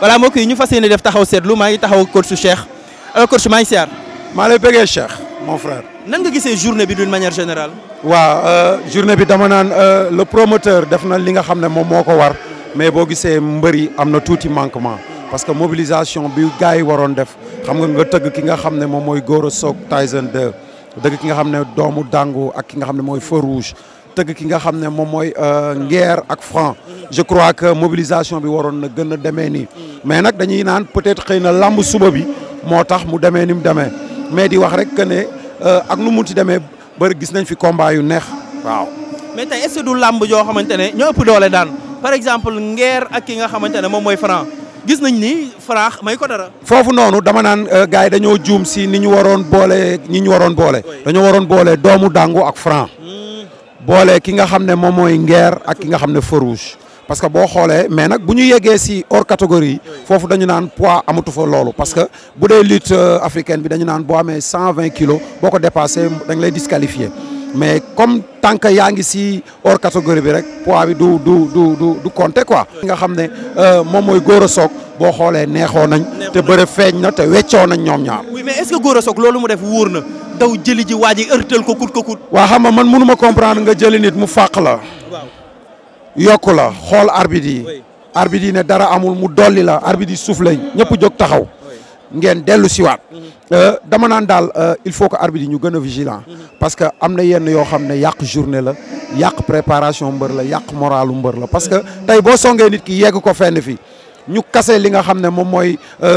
voilà mbokk yi ñu fas yéene def taxaw seetlu maa ngi taxaw coach su Cheikh euh, alors maa la siyaar. maa lay mon frère. nan nga gisee journée bi d'une manière générale. waaw euh, journée bi dama naan euh, le promoteur def na li nga xam ne moom moo ko war mais boo gise mbër yi am na tuuti manquement parce que mobilisation bi gars yi waroon def xam nga nga tëgg ki nga xam ne moom mooy Gora Sock Tyson 2 dëgg ki nga xam ne doomu Dangu ak ki nga xam ne mooy Feu Rouge. tëgg ki nga xam ne moom mooy euh, Nguer ak Franc je crois que mobilisation bi waroon na gën a demee nii mais nag dañuy naan peut-être xëy na làmb suba bi moo tax mu demee ni mu demee mais di wax rek que ne euh, ak nu mu ci demee bëri gis nañ fi combat yu neex waaw. mais tey est du làmb joo xamante ne ñoo ëpp doole daan par exemple Nguer ak ki nga xamante ne moom mooy Franc gis nañ ni Franc may ko dara. foofu noonu dama naan euh, gars yi dañoo juum si ni ñu waroon boole ñi ñu waroon boole. dañoo waroon boole ki nga xam ne moom mooy ngeer ak ki nga xam ne feu rouge parce que boo xoolee mais nag bu ñu yeggee si hors catégorie foofu dañu naan pois amatu fa loolu parce que bu dee lutte euh, africaine bi dañu naan boo amee cent vingt kilos boo ko dépassé dañ lay disqualifié mais comme tant yaa ngi si hors catégorie bi rek poids bi du du du du du compter quoi. nga xam ne euh, moom mooy góor sook boo xoolee neexoo nañ. te bëre feeñ na te weccoo nañ ñoom ñaar. mais est-ce loolu mu def wóor na. daw jëli ji waa ji ërtal ko kut ko kut. waa xam nga man mënu ma comprendre nga jëli nit mu fàq la. yokk la xool arbidi yi. arbitre ne dara amul mu dolli la arbitre suuf lañ ñëpp jóg taxaw. ngeen dellu siwaat mhm. euh, dama naan daal euh, il faut que arbitre yi ñu gën a vigilant mhm. parce que am na yenn yoo xam ne yàq journée la yàq préparation mbër la yàq moralu mbër la parce que tey boo songee nit ki yegg ko fenn fii ñu kase li nga xam ne moom mooy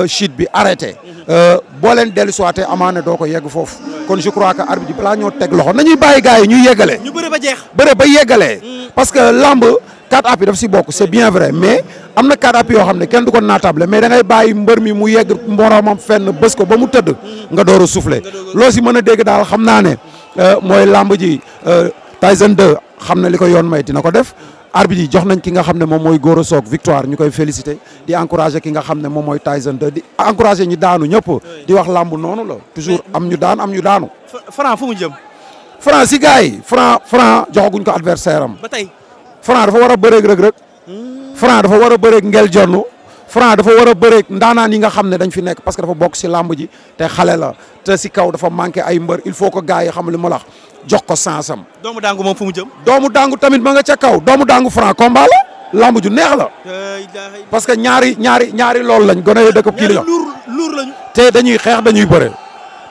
chute euh, bi arrêté euh, boo leen dellu soité amaana doo ko yegg foofu kon je crois que arbitre bi balaa ñoo teg loxo nañuy bàyyi gars yi ñu yeggale ñu bëre ba jeex bëre ba yeggalee parce que lamb quatre appuis daf si bokk c'est bien vrai mais am na quatre appuis yoo xam ne kenn du ko naatable mais da bàyyi mbër mi mu yegg mboromam fenn bës ko ba mu tëdd nga door a soufflé loo si mën a dégg daal xam naa ne euh, mooy lamb ji Tyson 2 xam na li ko yoon may dina ko def arbitre yi jox nañ ki nga xam ne moom mooy Gora Sock victoire ñu koy féliciter di encourager ki nga xam ne moom mooy Tyson 2 di encourager ñi daanu ñëpp di wax làmb noonu la toujours am ñu daan am ñu daanu. Franc fu mu jëm. Franc si gars yi joxaguñ ko adversaire am. ba tey Franc dafa war a bëreeg rëg rëg. Hmm. Franc a ngel jonnu. Franc dafa war a bëreeg ndaanaan yi nga xam ne dañ fi nekk parce que dafa bokk si làmb ji te xale la te si kaw dafa manqué ay mbër il faut que gars xam li ma la jox ko sansam doomu daangu moom fu mu jëm. doomu daangu tamit ma nga ca kaw doomu daangu Franc combat la làmb ju neex la. parce que ñaari ñaari ñaari loolu lañ gone yooyu dëkk kii la. ñaari lañ. te dañuy xeex dañuy bëre.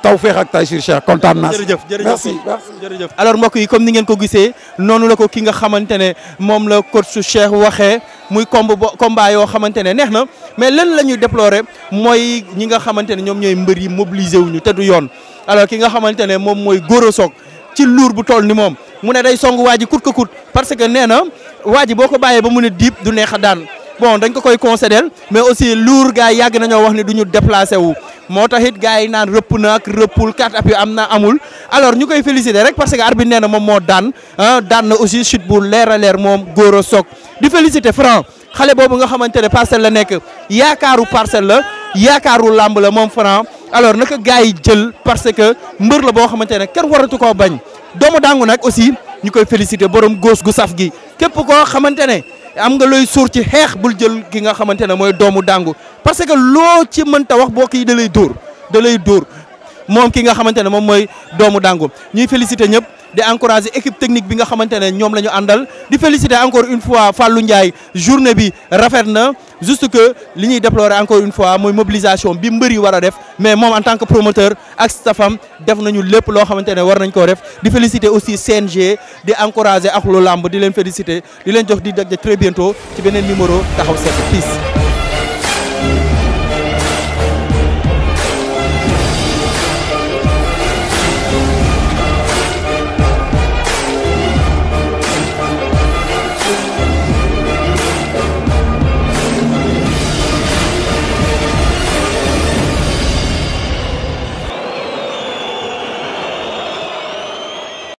taw feex ak tay sir Cheikh kontaan naa jërëjëf merci jërëjëf alors mbokk yi comme ni ngeen ko gisee noonu la ko ki nga xamante ne moom la coach Cheikh waxee muy comb combat yoo xamante ne neex na mais lenn la ñuy déplorer mooy ñi nga xamante ne ñoom ñooy mbër yi mobilisé wuñu te du yoon alors ki nga xamante ne moom mooy Gora Sock ci luur bu toll ni moom mu ne day song waa ji kut ko kut parce que nee na waaj ji boo ko bàyyee ba mu ne diib du neex a daan bon dañ ko koy concédé mais aussi luur gars yàgg nañoo wax ni du ñu déplacé wu moo taxit gars yi naan rëpp na ak rëppul quatre appuis am na amul alors ñu koy féliciter rek parce que arbitre nee na moom moo daan ah, daan na aussi chute bu leer a leer moom góora a di félicité Franc xale boobu nga xamante ne parcelle la nekk yaakaaru parcelle la yaakaaru làmb la moom Franc alors naka gars yi jël parce que mbër la boo xamante ne kenn waratu koo bañ doomu daangu nag aussi ñu koy félicité borom góos gu saf gi képp koo xamante ne. am nga looy sóor ci xeex bul jël ki nga xamante ne mooy doomu dàngu parce que loo ci mënta wax bokk yi da lay dóor da lay dóor moom ki nga xamante ne moom mooy doomu dàngu ñuy félicité ñëpp. di encourager équipe technique bi nga xamante ne ñoom lañu ñu àndal di féliciter encore une fois Fallou Ndiaye journée bi rafet na juste que li ñuy déplorer encore une fois mooy mobilisation bi mbër yi war def mais moom en tant que promoteur ak staffam def nañu lépp loo xamante ne war nañ koo def di féliciter aussi CNG di encourager ak lu làmb di leen féliciter di leen jox di dagg très bientôt ci beneen numéro taxaw seet peace